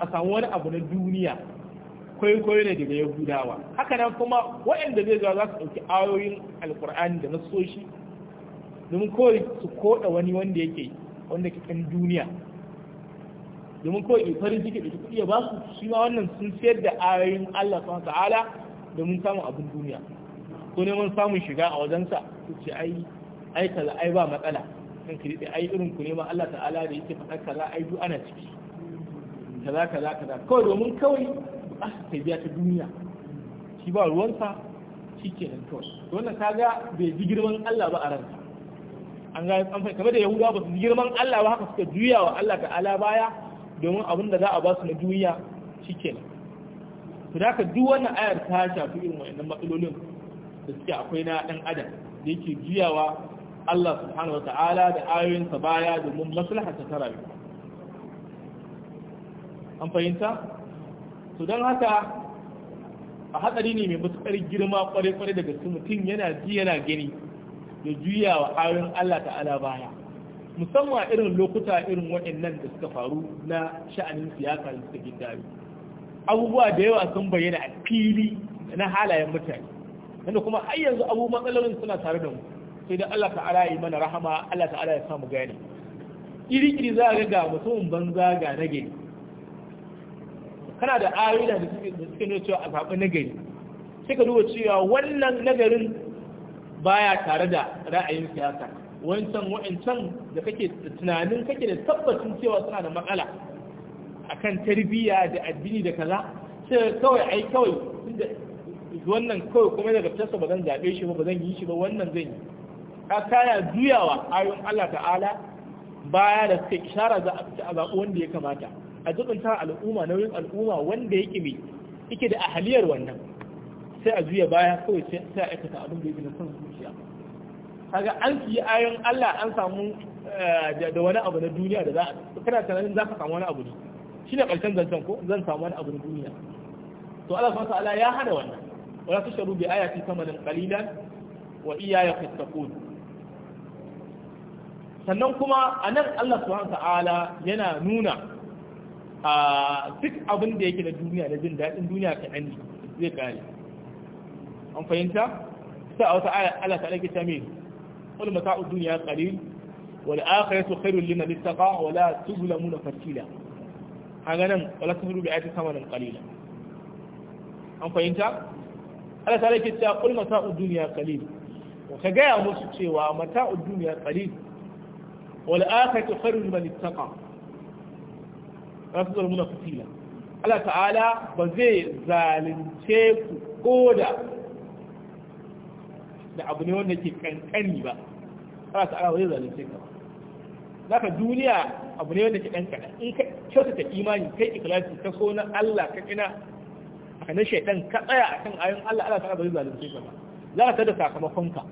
a samu wani abu na duniya kwaikwayo ne daga yahudawa haka nan kuma waɗanda zai zuwa za su ɗauki ayoyin alkur'ani da nasoshi domin kawai su koɗa wani wanda yake wanda ke kan duniya domin kawai in farin ciki da kuɗi ya ba su shi ma wannan sun siyar da ayoyin Allah subhanahu ta'ala domin samun abin duniya ko neman samun shiga a wajensa su ce ai ai kaza ai ba matsala kan ki dai ai irin ku ne ma Allah ta'ala da yake faɗa kaza ai duk ana ciki kaza kaza kaza kawai domin kawai ba su ta biya ta duniya shi ba ruwansa shi ke nan kawai wannan kaga bai ji girman Allah ba a ran an ga an kamar da Yahudawa ba su ji girman Allah ba haka suka juya wa Allah ta'ala baya domin abin da za a ba su na duniya nan to da ka duk wannan ayar ta shafi irin wayannan matsalolin da suke akwai na ɗan adam da yake juyawa Allah subhanahu Ta'ala da ayoyinsa baya domin maslaha ta rayuwa an fahimta to don haka a hatsari ne mai matuƙar girma kwarai-kwarai daga su mutum yana ji yana gani da juyawa ayoyin Allah ta'ala baya musamman irin lokuta irin waɗannan da suka faru na sha'anin siyasa da suka gindari abubuwa da yawa sun bayyana a fili na halayen mutane wanda kuma har yanzu abu matsalolin suna tare da mu sai da Allah ta'ala yi mana rahama Allah ta'ala ya samu gane iri-iri za ga ga mutumin banza ga nagari. kana da ayoyi da suke nuna cewa a zaɓi nagari. sai ka duba cewa wannan nagarin baya tare da ra'ayin siyasa wancan wa'ancan da kake tunanin kake da tabbacin cewa suna da matsala akan tarbiyya da addini da kaza sai kawai ai kawai wannan kawai kuma daga fitarsa ba zan zaɓe shi ba ba zan yi shi ba wannan zan yi A kaya juyawa ayon Allah ta'ala baya da suka ishara za a zaɓi wanda ya kamata a jibinta al'umma nauyin al'umma wanda yake mai yake da ahaliyar wannan sai a juya baya kawai sai a aikata abin da yake na son zuciya kaga an siyi ayon Allah an samu eh, da wani abu na duniya da za kana tunanin za ka samu wani abu ne shi ne ƙarshen zancen ko zan samu wani abu na duniya to Allah subhanahu ta'ala ya hada wannan wala tusharu bi ayati thamanan qalilan wa iyaya fattaqun sannan kuma a nan Allah subhanahu ta'ala yana nuna a duk abin da yake na duniya na jin daɗin duniya kaɗan ne zai kare an fahimta sai a wata aya Allah ta ɗauke ta mai qul mata'ud dunya qalil wal akhiratu khairul liman ittaqa wa la tuzlamuna fatila Haga nan wala tuzlu bi ayati samanan qalila an fahimta Allah ta yake cewa qul mata'ud dunya qalil ka gaya musu cewa mata'ud dunya qalil wal akhiratu khairul liman ittaqa wala tuzlamuna fatila Allah ta'ala ba zai zalunce ku koda da abu ne wanda ke kankani ba Allah ta'ala ba zai zalunce ka ba ka duniya abu ne wanda ke kankana in ka kyautata imani kai ikhlasi ka so na Allah ka kina a na shaidan ka tsaya kan ayoyin Allah Allah ta'ala ba zai zalunce ka ba za ka tada sakamakon ka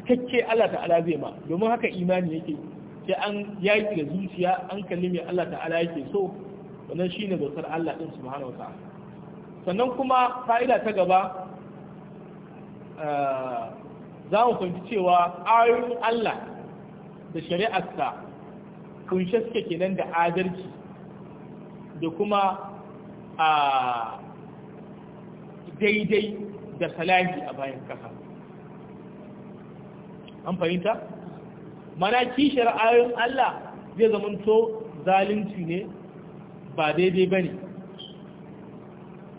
cikakke Allah ta'ala zai ma domin haka imani yake sai an yaƙi da zuciya an kalli mai Allah ta'ala yake so wannan shine bautar Allah din subhanahu wa ta'ala sannan kuma fa'ida ta gaba za mu fahimci cewa ayoyin Allah da shari'arsa kunshe suke kenan da adalci da kuma a daidai da salahi a bayan kasa an fahimta mana kishiyar ayoyin Allah zai zamanto zalunci ne ba daidai ba ne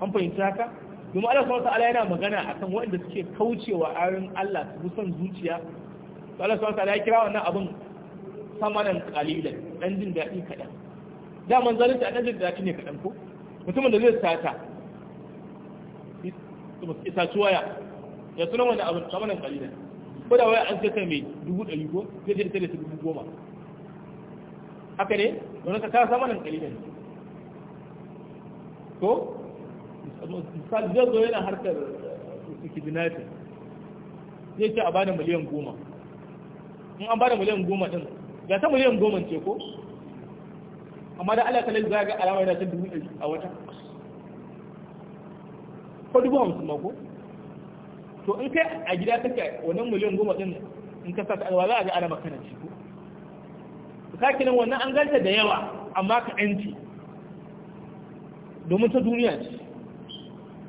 an fahimta haka domin Allah subhanahu wataala yana magana akan waɗanda suke kaucewa ayoyin Allah su son zuciya to Allah subhanahu wataala ya kira wannan abin samanan qalilan dan jin daɗi kaɗan da man zalunta dan jin dadi ne kaɗan ko mutumin da zai sata ta tuwaya ya sunan wani abin samanan qalilan ko da waya an ce kai mai dubu ɗari ko sai je da dubu goma haka ne don ka kasa samanan qalilan ko misali zai zo yana harkar eh, kidnapping zai ce a bada miliyan goma in an bada miliyan goma din ga ta miliyan goma ce ko amma da Allah kalai za ga alama yana ta dubu ɗari a wata ko dubu hamsin mako to in kai a gida kake wannan miliyan goma din in ka sa ta alwa za a ga alama kana ci ko kakinan wannan an ganta da yawa amma ka yanci domin ta duniya ce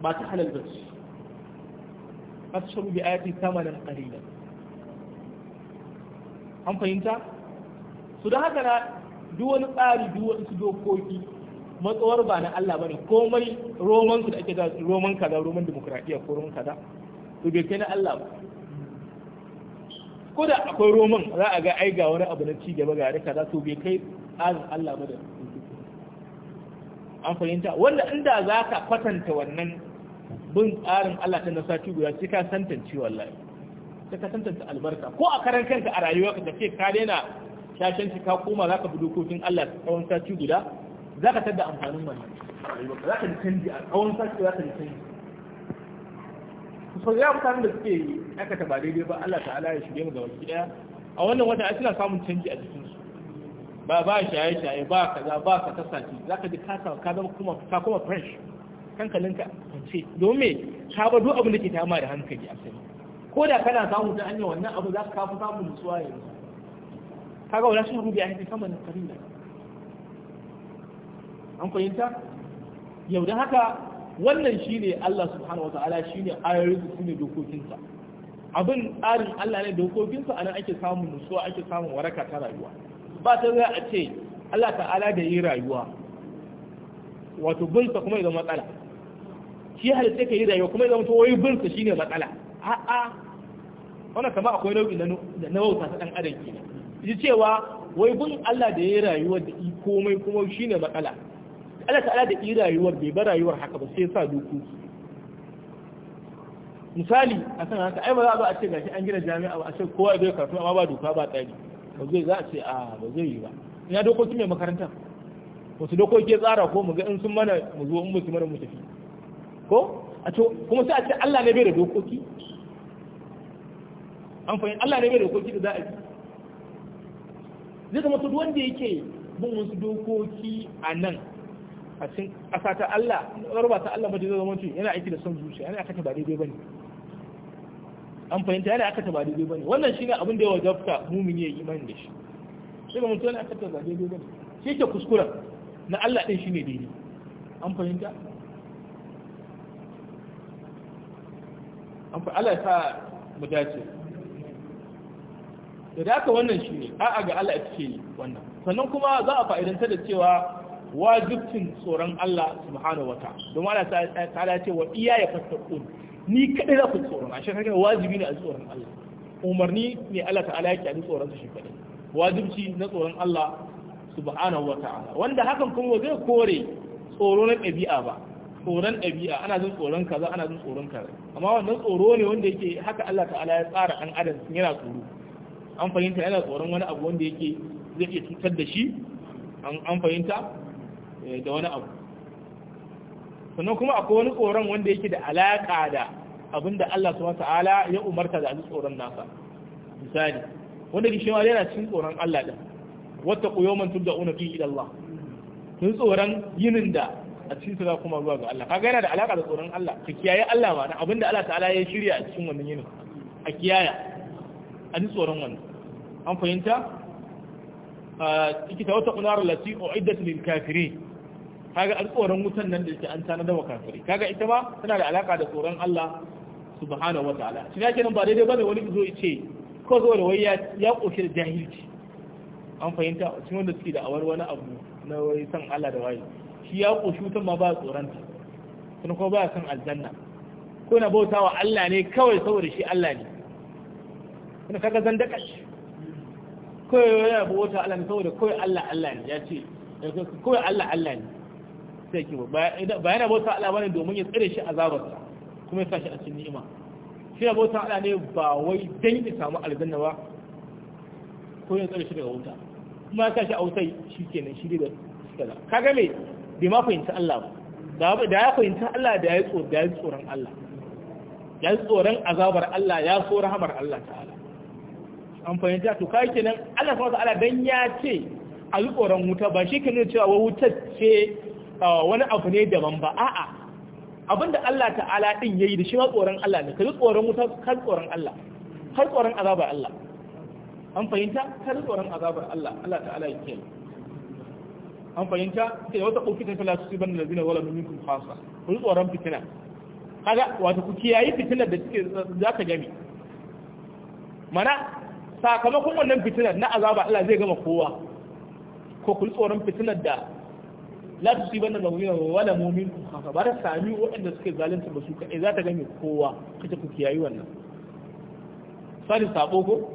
ba ta halal ba ce asharu bi ayati samanan qalila an fahimta su da haka na duk wani tsari duk su dokoki matsawar ba na Allah bane komai roman su da ake da roman kaza roman demokradiya ko roman kaza to bai kai na Allah ba ko da akwai roman za a ga ai ga wani abu na ci gaba ga za to bai kai tsarin Allah ba da an fahimta wanda inda za ka kwatanta wannan bin tsarin Allah ta na sati guda sai ka santance wallahi sai ka santance albarka ko a karan kanka a rayuwa ka ce ka daina shashanci ka koma zaka bi dokokin Allah ta tsawon sati guda zaka tada amfanin wannan zaka ji canji a tsawon sati zaka ji canji so ya mutanen da suke yi aka taba daidai ba Allah ta'ala ya shige mu ga waki daya a wannan wata ai suna samun canji a jikin su ba ba shaye shaye ba kaza ba ka tasaci zaka ji ka ka zama kuma ka kuma fresh kankalinka ce domin ka duk abin da ke tama da hankali a sani ko da kana samu ta hanyar wannan abu za ka kafa samun nutsuwa yanzu Ka ga shi rubi a haifin kama na da an fahimta yau da haka wannan shi ne Allah subhanahu ne shine ayoyin su ne dokokinsa abin tsarin Allah ne dokokinsa nan ake samun nutsuwa ake samun waraka ta rayuwa ba ta za a ce Allah ta'ala da yi rayuwa wato bulta kuma ya zama matsala shi sai ka yi rayuwa kuma ya zama to wai bin shine matsala a'a wannan kama akwai nau'i na wauta ta dan adam kenan ji cewa wai bin Allah da ya rayuwar da i komai kuma shine matsala Allah ta'ala da i rayuwar bai bar rayuwar haka ba sai sa duku misali a kan haka ai ba za a zo a ce gashi an gina jami'a ba a ce kowa zai karatu amma ba doka ba tsari ba zai za a ce a ba zai yi ba ina dokoki mai makarantar wasu dokoki tsara ko mu ga in sun mana mu zo in musu mana mu tafi ko a to kuma sai a ce Allah ne bai da dokoki an fahimta Allah ne bai da dokoki da za a yi zai zama su wanda yake bin wasu dokoki a nan a cikin ƙasa ta Allah ba ta Allah ba zama to yana aiki da son zuciya yana aka ba daidai bane an fahimta yana aka ba daidai bane wannan shi abin da ya wajabta mumin ya yi imani da shi sai ga mutum yana aka ba daidai bane shi ke kuskuren na Allah shi shine daidai an fahimta an fa Allah ya sa mu dace da haka wannan shi ne a'a ga Allah take yi wannan sannan kuma za a fa'idanta da cewa wajibcin tsoron Allah subhanahu wa ta'ala don Allah ta ta ce wa iya ya fattaqun ni kadai za ku tsoron a shekara wajibi ne a tsoron Allah umarni ne Allah ta'ala ya a tsoron su shi kadai wajibci na tsoron Allah subhanahu wa ta'ala wanda hakan kuma zai kore tsoro na ɗabi'a ba tsoron ɗabi'a ana jin tsoron kaza ana jin tsoron kaza amma wannan tsoro ne wanda yake haka Allah ta'ala ya tsara ɗan adam yana tsoro an fahimta yana tsoron wani abu wanda yake zai iya cutar da shi an fahimta eh, da wani abu sannan kuma akwai wani tsoron wanda yake da alaƙa da abin da Allah subhanahu ta'ala ya umarta da tsoron nasa misali wanda ke shewa yana cikin tsoron Allah din wata ku yawman tubda'una fi ila Allah tun tsoron yinin da a cikin su za kuma zuwa ga Allah kaga yana da alaka da tsoron Allah ka kiyaye Allah ba na abinda Allah ta'ala ya shirya a cikin wannan yinin a kiyaya a ji tsoron wannan an fahimta a ciki ta wata kunar lati uiddat lil kafirin kaga an wutan nan da yake an tana da kafiri kaga ita ma tana da alaka da tsoron Allah subhanahu wataala shi yake nan ba daidai bane wani zo ya ce ko zo da wai ya ya da jahilci an fahimta cikin wanda suke da awar wani abu na wai san Allah da waye shi ya ƙoshi ma ba a tsoronta sun kuma ba san aljanna ko na bauta wa Allah ne kawai saboda shi Allah ne kuna kaga zan daka shi kawai yana bauta Allah ne saboda kawai Allah Allah ne ya ce kawai Allah Allah ne sai ke ba yana bauta Allah bane domin ya tsare shi azabarsa kuma ya sa shi a cikin ni'ima shi na bauta Allah ne ba wai dan ya samu aljanna ba ko ya tsare shi daga wuta kuma ya sa shi a wutai shi nan shi da da kaga me bai ma fahimci Allah ba da ya fahimci Allah da ya yi tsoron Allah ya yi tsoron azabar Allah ya so rahamar Allah ta'ala an fahimta to kai kenan Allah subhanahu ta'ala dan ya ce a yi tsoron wuta ba shi kenan cewa wa wuta ce wani abu ne daban ba a'a da Allah ta'ala din yayi da shi ma tsoron Allah ne kai tsoron wuta kai tsoron Allah kai tsoron azabar Allah an fahimta kai tsoron azabar Allah Allah ta'ala ya kiyaye an fahimta sai wata ƙofi ta lasu su bane da zina wala domin kun fasa ku yi tsoron fitina kaga wato ku kiyayi fitinar da suke za ka gami mana sakamakon wannan fitinar na azaba Allah zai gama kowa ko ku yi tsoron fitinar da la su siban da zina wala mumin kun fasa ba da sami waɗanda suke zalunta ba su kaɗai za ta gami kowa kace ku kiyayi wannan sani sabo ko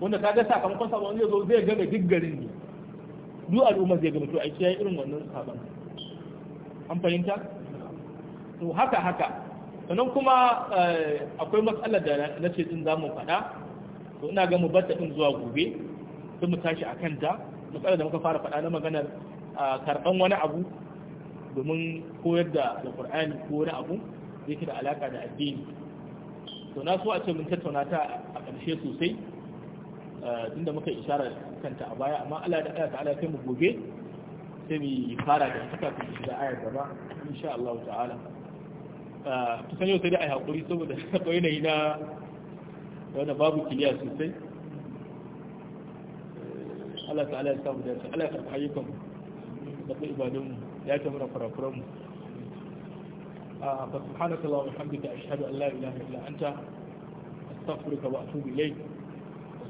wanda kaga sakamakon sabon zai zo zai gama duk garin duk al'umma zai gama to a kiyaye irin wannan saban an fahimta to haka haka sannan kuma eh, akwai matsalar da na ce din zamu faɗa to ina ga mu batta din zuwa gobe sai mu tashi akan ta matsalar da muka fara faɗa na maganar eh, karɓan wani abu domin koyar da alƙur'ani ko wani abu Zai yake da alaka da addini to na so a ce mun tattauna ta a ƙarshe sosai Eh, tunda muka isharar kanta a baya amma Allah da Allah ta'ala kai mu gobe sai mu fara da saka ku shiga ayar gaba insha Allah ta'ala to eh, sanyo sai da ai hakuri saboda akwai yanayi na wanda babu kiliya sosai eh, Allah ta'ala ya samu dace Allah ya karɓi ayyukan da kuma ibadun mu ya ta mura farafuran mu fa subhanaka allahumma wa bihamdika ashhadu an la ilaha illa anta astaghfiruka wa atubu